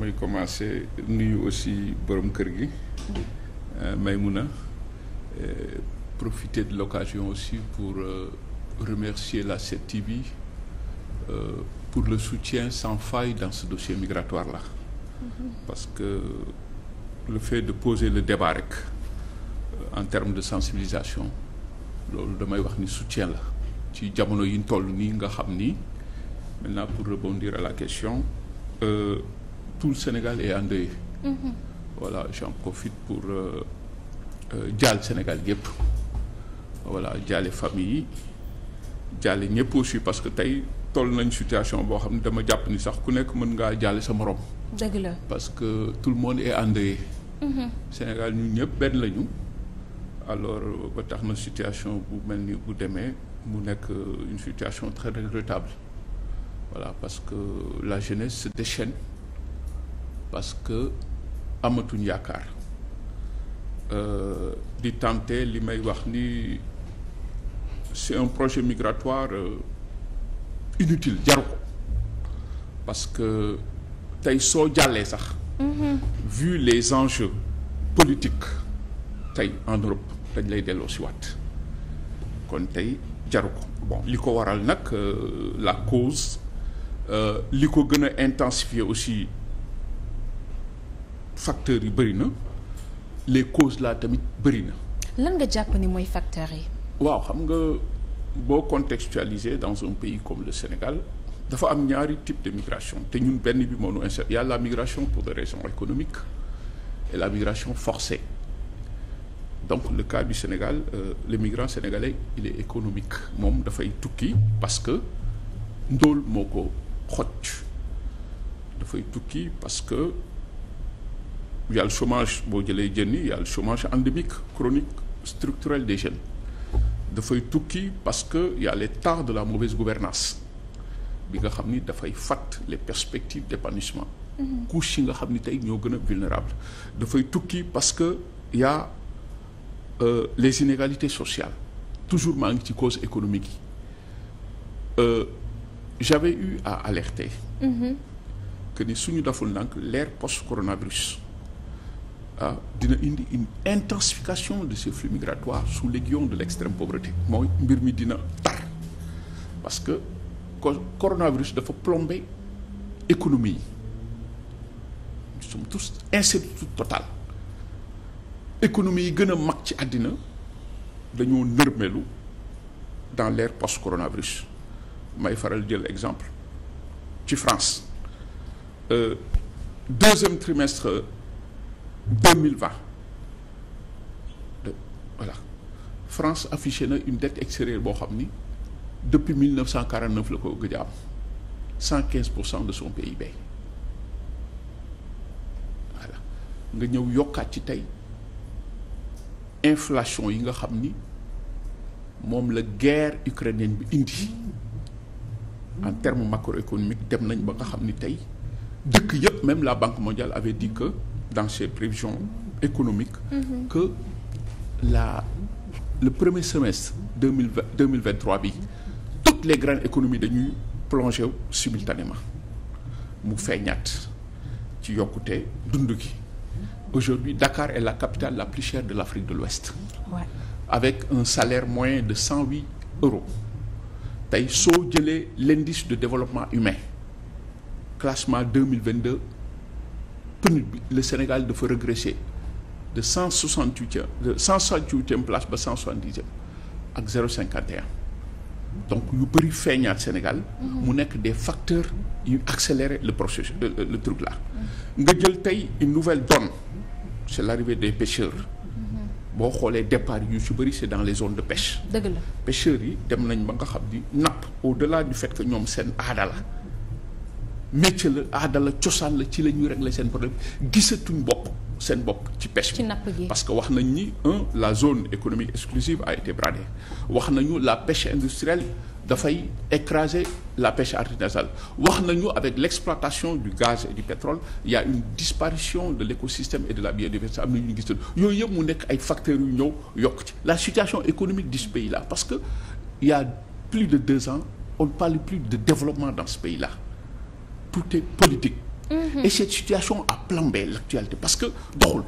may commencer nuyu aussi borom kër gi euh, Maïmouna euh, profiter de l'occasion aussi pour euh, remercier la 7TV euh, pour le soutien sans faille dans ce dossier migratoire là mm-hmm. parce que le fait de poser le débat rek euh, en terme de sensibilisation loolu damay wax ni soutien la ci jamono yi ñu toll nii nga xam ni maintenant pour rebondir à la question tout le Sénégal est endeuillé. Mm -hmm. profite pour euh, euh, jaal Sénégal yëpp voilà jaale famille yi jaale ñëpp aussi parce que tey toll nañ situation boo xam ne dama jàpp ni sax ku nekk mën ngaa jaale sa morom. dëgg parce que tout le monde est endeuillé. Mhm. Sénégal ñun ñëpp benn lañu. alors euh, ba tax na situation bu mel ni bu demee mu nekk une situation très regrettable voilà parce que la jeunesse se déchaîne. parce que amatuñ yaakaar euh, di tenter li may wax ni c'est un projet migratoire euh, inutile jaru ko parce que tey soo jàllee sax mhm. vu les enjeux politiques tey en Europe dañ lay delloo si wat kon tey jaru ko bon li ko waral nag euh, la cause li ko gën a intensifier aussi facteurs yi bëri na les causes là tamit bëri na. lan nga jàpp ni mooy facteurs yi. waaw xam nga boo contextualiser dans un pays comme le Sénégal dafa am ñaari type de migration te ñun benn bi moo nu incha y migration pour des raisons économiques et la migration forcée donc le cas du Sénégal euh, le migrant sénégalais il est économique moom dafay tukki parce que ndóol moo ko xoj dafay tukki parce que. y a boo jëlee jeunes yi y a le chômage endémique chronique structurel des jeunes dafay tukki parce que y a les de la mauvaise gouvernance bi nga xam ni dafay fàtt les perspectives d'épanouissement mhm. couche yi nga xam ni tey ñoo gën a vulnérable dafay tukki parce que yà a euh, les inégalités sociales toujours maa ngi ci cause économique yi euh, j'avais eu à alerter mm -hmm. que ni suñu daful ndànk l'ère post coronavirus ah dina indi une intensification de ces flux migratoires sous l'aiguillon de l'extrême pauvreté mooy mbir mi dina tar parce que coronavirus dafa plombé économie yi nous sommes tous incertitude totale économie yi gën a mag ci àddina dañoo nërmelu dans l'ère post coronavirus may faral jël exemple ci France euh, deuxième trimestre deux mille voilà France affiché na une dette extérieure boo xam ni depuis mille neuf cent quarante neuf la ko gëj am cent quinze pour cent de son PIB voilà nga ñëw yokkaat ci tey inflation yi nga xam ni moom la guerre ukrainienne bi indi en macro macroéconomiques dem nañ ba nga xam ni tey dëkk yëpp même la Banque mondiale avait dit que dans ses prévisions économiques mm-hmm. que la le premier semestre deux mille deux mille vingt bi toutes les grandes économies dañuy plongé simultanément mu feeñaat ci yokkute dund gi aujourd'hui Dakar est la capitale la plus chère de l'Afrique de l'Ouest avec un salaire moyen de cent huit euros tey soo jëlee l'indice de développement humain classement deux mille vingt deux PNUD bi le Sénégal dafa régresser de cent soixante huitième de cent soixante huitième place ba cent soixante dixième ak zéro cinquante et donc yu bëri feeñaat Sénégal. Mhm. mu nekk des facteurs yu accélérer le processus le, le truc nga jël tey une nouvelle donne c'est l'arrivée des pêcheurs. Mhm. boo xoolee départ yu ci bëri c'est dans les zones de pêche. dëgg la pêcheurs yi dem nañ ba nga xam di napp au-delà du fait que ñoom seen aada la. métier la aada la cosaan la ci la ñuy seen problème gisatuñ bokk seen bokk ci pêche bi parce que wax nañ ni un la zone économique exclusive a été bradée wax nañu la pêche industrielle dafay écraser la pêche artisanale wax nañu avec l'exploitation du gaz et du pétrole yaa y a une disparition de l'écosystème et de la biodiversité am na ñu gis yooyu yëpp mu nekk ay facteurs yu ñëw yokk ci la situation économique di ce pays la parce que il y a plus de deux ans on de développement dans ce pays là tout est politique. Mmh. Et cette situation a plombé l'actualité parce que doxul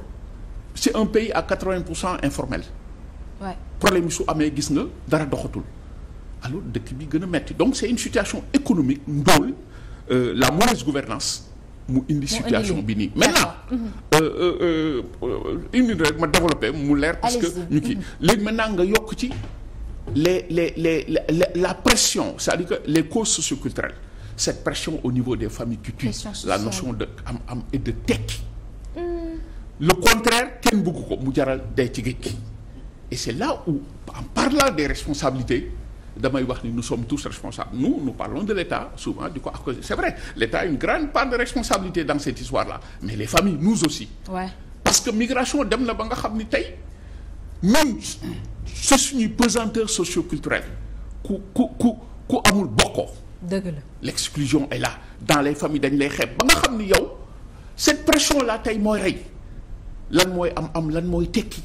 c'est un pays à 80 pour cent informel. Ouais. problème su amee gis nga dara doxatul alors dëkk bi gën a metti donc c'est une situation économique ndóol euh, la mauvaise gouvernance mu indi situation bi nii maintenant mhm. euh, euh, euh, indi rek ma développé mu leer parce que ñu kii mhm. léegi maintenant nga yokk ci les les les la pression c'est-à-dire que les causes socioculturelles cette pression au niveau des familles tutue la notion de am am et de tekki le contraire kenn bëgg ko mu jaral day ci géej gi et c'est là où en parlant des responsabilités damay wax ni nous sommes tous responsables nous nous parlons de l'État souvent di ko accuser c'est vrai l'État a une grande part de responsabilité dans cette histoire-là mais les familles nous aussi parce que migration dem na ba nga xam ni tey ñun c'est suñuy pesanteur socioculturel ku ku ku ku amul bokkoo dëgg la l'exclusion est la dans les familles dañ lay xeeb ba nga xam ni yow cette pression là tey mooy rey lan mooy am am lan mooy tekki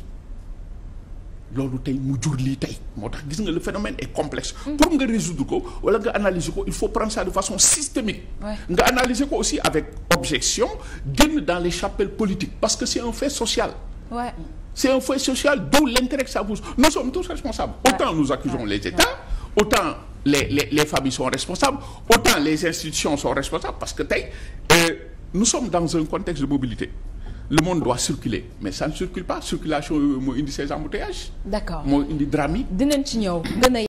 loolu tey mu jur lii tey moo tax gis nga le phénomène est complexe. Mm. pour nga résoudre ko wala nga analyser ko il faut prendre ça de façon systémique. nga analyser ko aussi avec objection génn dans les chapelles politiques parce que c'est un fait social. Ouais. c'est un fait social d'où l'intérêt que sa vous nous sommes tous responsables. autant nous accusons les États autant. les les les familles sont responsables autant les institutions sont responsables parce que tey euh, nous sommes dans un contexte de mobilité le monde doit circuler mais ça ne circule pas circulation yooyu euh, moo indi ces embouteillages. d'accord moo indi drame ci ñëw